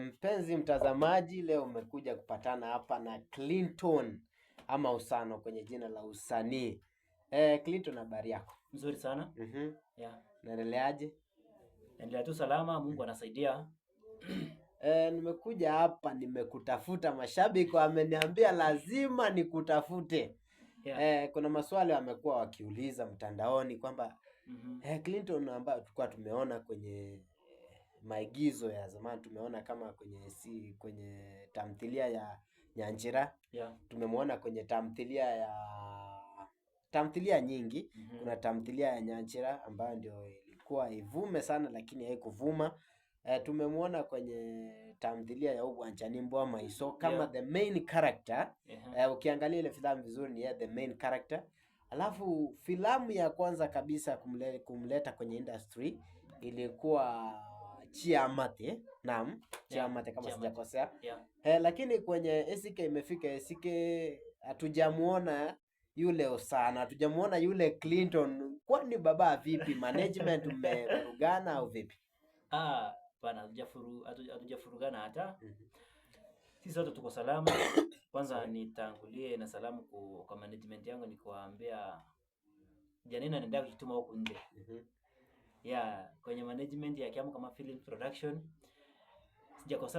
Mpenzi mtazamaji, leo umekuja kupatana hapa na Clinton ama Usano kwenye jina la usanii. Eh, Clinton, habari yako? Mzuri sana. mm -hmm. yeah. Naendeleaje? Naendelea tu salama, Mungu mm. anasaidia. Eh, nimekuja hapa nimekutafuta, mashabiki wameniambia lazima nikutafute. yeah. Eh, kuna maswali wamekuwa wakiuliza mtandaoni kwamba mm -hmm. eh, Clinton ambayo tulikuwa tumeona kwenye maigizo ya zamani tumeona kama kwenye si kwenye tamthilia ya Nyanjira yeah. Tumemwona kwenye tamthilia ya tamthilia nyingi mm -hmm. Kuna tamthilia ya Nyanjira ambayo ndio ilikuwa ivume sana lakini haikuvuma. E, eh, tumemwona kwenye tamthilia ya Ugwanjani Mbwama kama yeah. the main character yeah. Eh, e, ukiangalia ile filamu vizuri ni yeah, the main character. Alafu filamu ya kwanza kabisa kumle, kumleta kwenye industry ilikuwa Chiamate, naam, Chiamate kama sijakosea, Eh, lakini kwenye SK imefika SK hatujamuona yule Osana, hatujamuona yule Clinton. Kwani baba vipi, management mmevurugana au vipi? Ah, pana hatujafurugana hata mhm. sisi wote tuko salama. Kwanza nitangulie na salamu kwa management yangu, nikiwaambia janina naendaa kujituma huku nje mm -hmm yeah, kwenye management ya Kiambu kama film production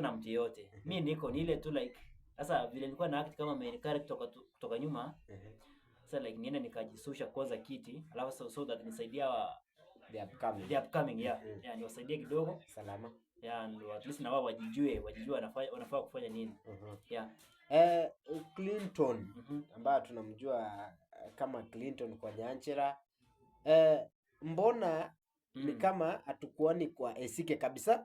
na mtu yeyote. Mhm. Mi niko ni ile tu like sasa vile nilikuwa na act kama main character kutoka, kutoka nyuma. Mhm. Sasa like nienda nikajisusha kwanza kiti, alafu so, so that nisaidia wa, the upcoming the upcoming yeah, mm -hmm. yeah niwasaidie kidogo salama yeah, ndio at least na wao wajijue, wajijue wanafaa wanafaa kufanya nini. mm -hmm. yeah eh Clinton mm -hmm. ambaye tunamjua eh, kama Clinton kwa Nyanchera eh, mbona Mm. Ni kama hatukuoni kwa Esike kabisa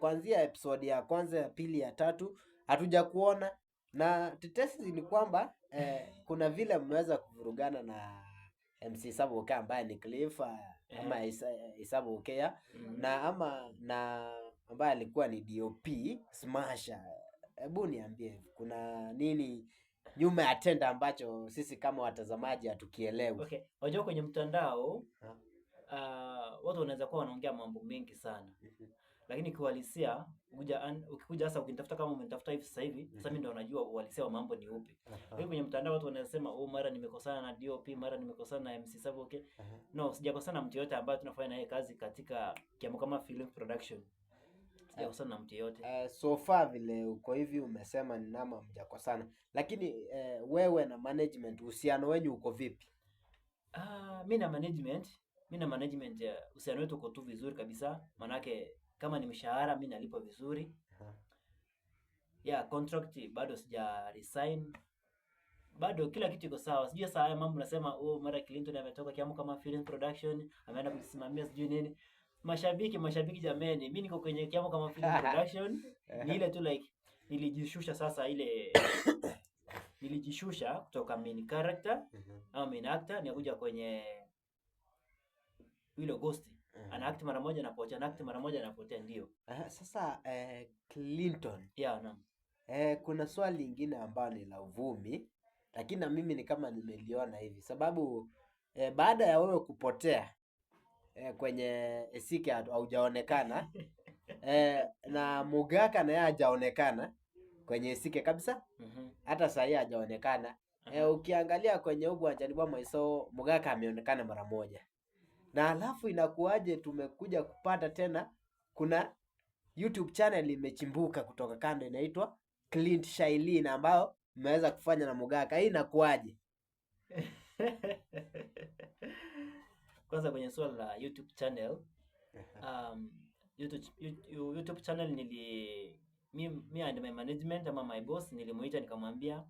kuanzia episode ya kwanza ya pili ya tatu hatujakuona, na tetesi ni kwamba eh, kuna vile mmeweza kuvurugana na MC Isaboka ambaye ni Cliff ama eh. Isaboka mm. na ama na ambaye alikuwa ni DOP Smasher. Hebu niambie kuna nini nyuma ya tenda ambacho sisi kama watazamaji hatukielewi? Okay, wajua kwenye mtandao ha? uh, watu wanaweza kuwa wanaongea mambo mengi sana lakini kiuhalisia ukikuja hasa ukinitafuta kama umenitafuta hivi sasa hivi sasa mimi ndo najua uhalisia wa mambo ni upi. Kwa hiyo kwenye mtandao watu wanasema oh, mara nimekosana na DOP, mara nimekosana na MC Savo okay. No, sijakosana na mtu yote ambaye tunafanya naye kazi katika kiamo kama film production. Sijakosana na mtu yote. Uh, eh, so far vile uko hivi umesema ni nama mjakosana. Lakini uh, wewe na management uhusiano wenyu uko vipi? Ah, uh, mimi na management mi na management ya uhusiano wetu uko tu vizuri kabisa, manake kama ni mshahara mi nalipwa vizuri uh-huh. Yeah, contract bado sija resign bado kila kitu iko sawa. Sijui saa haya mambo nasema oh, mara Clinton ametoka kiamu kama film production ameenda kusimamia sijui nini. Mashabiki mashabiki, jameni, mimi niko kwenye kiamu kama film production ni ile tu like nilijishusha sasa, ile nilijishusha kutoka main character au main actor nikuja kwenye yule ghost eh. ana act mara moja anapotea, na act mara moja anapotea. Ndio eh, sasa eh, Clinton yeah, naam. Eh, kuna swali lingine ambalo ni la uvumi, lakini na mimi ni kama nimeliona hivi sababu eh, baada ya wewe kupotea eh, kwenye esike haujaonekana eh, na Mugaka naye hajaonekana kwenye esike kabisa, mm-hmm. hata saa hii hajaonekana. Eh, ukiangalia kwenye uwanjani bwa Maiso Mugaka ameonekana mara moja na alafu inakuwaje tumekuja kupata tena kuna YouTube channel imechimbuka kutoka kando inaitwa Clint Shailin ambayo mmeweza kufanya na Mugaka. Hii inakuwaje? Kwanza kwenye swala la YouTube channel, um, YouTube, YouTube channel nili mi, mi and my management ama my boss nilimuita nikamwambia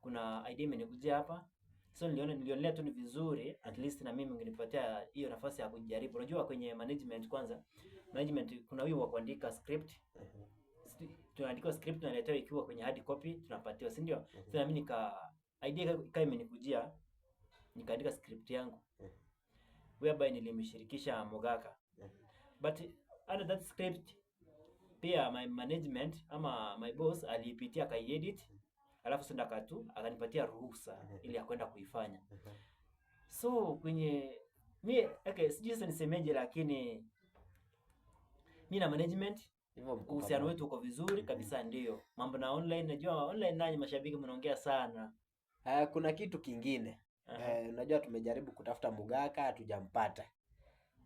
kuna idea imenikuja hapa so nilione, nilionelea tu ni vizuri at least na mimi ungenipatia hiyo nafasi ya kujaribu. Unajua kwenye management kwanza, management kuna wao wa kuandika script tunaandika script tunaletewa ikiwa kwenye hard copy tunapatiwa, si ndio? Sasa na mimi nika idea kama imenikujia nikaandika script yangu whereby nilimshirikisha Mogaka but under that script pia my management ama my boss aliipitia akaiedit alafu Sundaka tu akanipatia ruhusa ili akwenda kwenda kuifanya. So kwenye mi okay, sijui sasa nisemeje, lakini mi na management uhusiano wetu uko vizuri kabisa, ndio mambo na online. Najua online nanyi mashabiki mnaongea sana. Uh, kuna kitu kingine uh -huh. Eh, uh, najua tumejaribu kutafuta Mugaka hatujampata.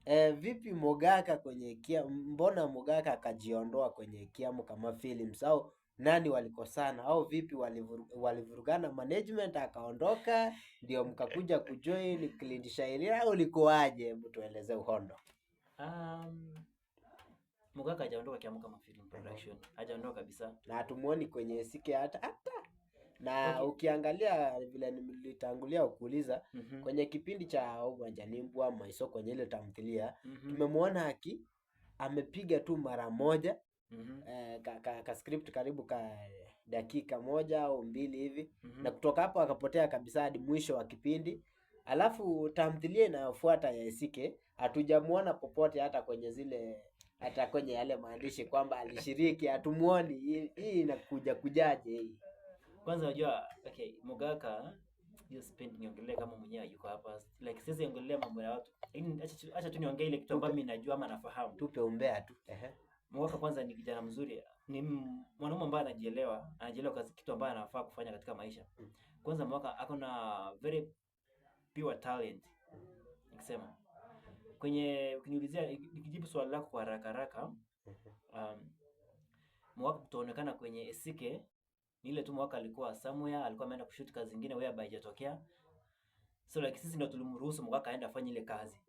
Uh, vipi Mugaka kwenye kia, mbona Mugaka akajiondoa kwenye Kiamu kama Films au nani walikosana au vipi walivurugana, management akaondoka, ndio mkakuja kujoin Clean Shairi au ulikuwaje? Hebu tueleze uhondo. Um, Mugaka hajaondoka Kiamu kama film production, hajaondoka kabisa, na hatumuoni kwenye sike hata hata na okay. Ukiangalia vile nilitangulia kuuliza mm -hmm. kwenye kipindi cha Uwanja Uwanjanimbwa Maiso kwenye ile tamthilia mm -hmm. tumemwona aki amepiga tu mara moja mm -hmm. ka, ka, ka script karibu ka dakika moja au mbili hivi mm -hmm. na kutoka hapo akapotea kabisa hadi mwisho wa kipindi. Alafu tamthilia inayofuata ya Esike hatujamwona popote, hata kwenye zile hata kwenye yale maandishi kwamba alishiriki, hatumuoni. Hii inakuja kujaje hii? Kwanza unajua, okay, Mugaka hiyo kama mwenyewe yuko hapa, like sisi mambo ya watu, lakini acha tu niongee ile kitu ambayo mimi najua ama nafahamu. Tupe umbea tu ehe. Mwaka kwanza ni kijana mzuri, ni mwanaume ambaye anajielewa, anajielewa kazi kitu ambaye anafaa kufanya katika maisha. Kwanza mwaka ako na very pure talent. Nikisema kwenye ukiniulizia nikijibu swali lako kwa haraka haraka, um, mwaka tutaonekana kwenye SK ni ile tu mwaka alikuwa somewhere, alikuwa ameenda kushoot kazi nyingine wewe haijatokea. So like sisi ndio tulimruhusu mwaka aende afanye ile kazi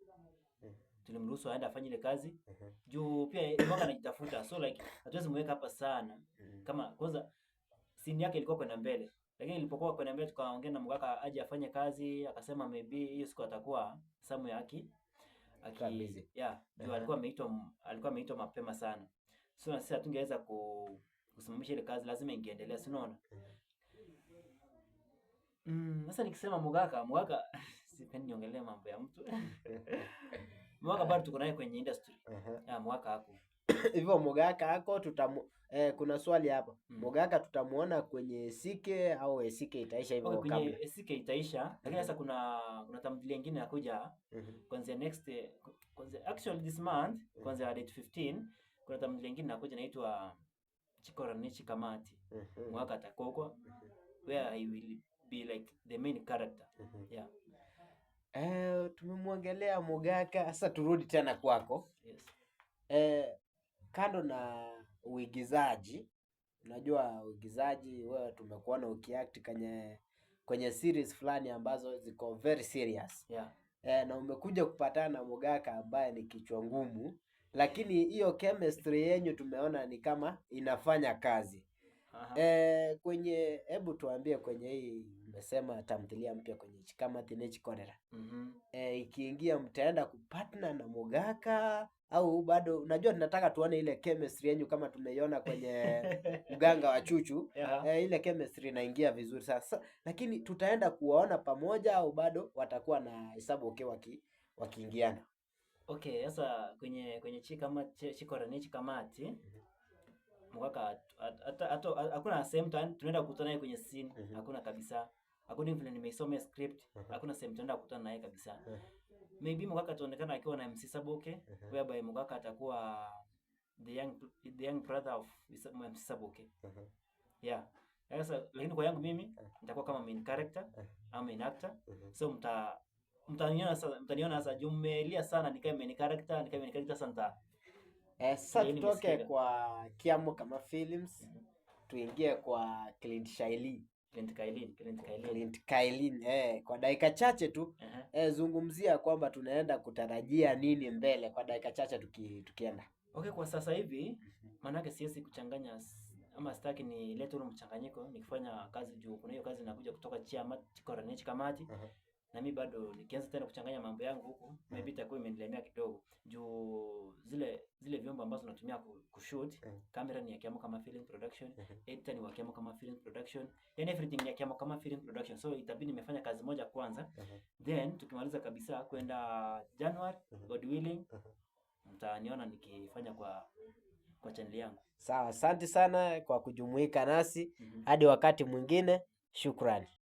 tulimruhusu aende afanye ile kazi uh mhm. -huh. juu pia mwanga anajitafuta, so like hatuwezi mweka hapa sana uh mhm. -huh. kama kwanza sini yake ilikuwa kwenda mbele, lakini ilipokuwa kwenda mbele tukaongea na mgaka aje afanye kazi, akasema maybe hiyo siku atakuwa samu yake aki yeah, uh -huh. alikuwa ameitwa alikuwa ameitwa mapema sana, so na sisi hatungeweza kusimamisha ile kazi, lazima ingeendelea, si unaona mhm. Mm, sasa nikisema mugaka mugaka sipendi niongelee mambo ya mtu Mwaka eh. bado tuko naye kwenye industry. uh Ah, mwaka hako. Hivyo Mogaka hako tutam eh, kuna swali hapa. Mm. Mogaka tutamuona kwenye SK au SK itaisha hivyo okay, kabla. Kwenye SK itaisha. Lakini sasa kuna kuna tamthilia nyingine inakuja kwanza next kwanza actually this month kuanzia date 15 kuna tamthilia nyingine inakuja inaitwa Chikoranichi Kamati. Mwaka atakokwa where I will be like the main character. Yeah. Eh, tumemwongelea Mogaka, sasa turudi tena kwako. Yes. Eh, kando na uigizaji, unajua uigizaji wewe tumekuona ukiact kwenye kwenye series fulani ambazo ziko very serious. Yeah. Eh, na umekuja kupatana na Mogaka ambaye ni kichwa ngumu, lakini hiyo chemistry yenyu tumeona ni kama inafanya kazi. -huh. Eh, e, kwenye hebu tuambie kwenye hii umesema tamthilia mpya kwenye kama Teenage Cholera. Mm -hmm. E, eh, ikiingia mtaenda kupartner na Mugaka au bado unajua tunataka tuone ile chemistry yenyu kama tumeiona kwenye mganga wa Chuchu. Yeah. E, eh, ile chemistry inaingia vizuri sasa, lakini tutaenda kuwaona pamoja au bado watakuwa na hesabu okay waki, wakiingiana? Okay, sasa kwenye kwenye chi, chi ni Chikamati. Mm -hmm mkaka hakuna same time tunaenda kukutana naye kwenye scene mm hakuna kabisa hakuna vile nimeisoma script hakuna same tunaenda kukutana naye kabisa maybe mkaka ataonekana akiwa na MC Saboke whereby mkaka atakuwa the young the young brother of MC Saboke yeah sasa lakini kwa yangu mimi nitakuwa kama main character au main actor so mta mtaniona sasa mtaniona sasa jumelia sana nikae main character nikae main character sasa Eh, sasa tutoke kwa kiamo kama films mm -hmm. tuingie kwa Clint Shaili Clint Kailin, Clint Kailin. Clint Kailin, eh, kwa dakika chache tu uh -huh. eh, zungumzia kwamba tunaenda kutarajia nini mbele kwa dakika chache tuki, tukienda okay, kwa sasa hivi maanake mhm. siwezi kuchanganya ama sitaki nilete ule mchanganyiko nikifanya kazi juu kuna hiyo kazi inakuja kutoka Chiama Koronich Kamati uh -huh na mimi bado nikianza tena kuchanganya mambo yangu huku maybe itakuwa imenilemea kidogo juu zile zile vyombo ambazo natumia kushoot kamera eh. ni ya Kiamo kama film production, eh. editor ni wa Kiamo kama film production, yani everything ni ya Kiamo kama film production. So itabidi nimefanya kazi moja kwanza, uh-huh. then tukimaliza kabisa kwenda January, uh-huh. God willing, uh-huh. mtaniona nikifanya kwa kwa channel yangu. Sawa, asante sana kwa kujumuika nasi mm -hmm. Hadi wakati mwingine, shukrani.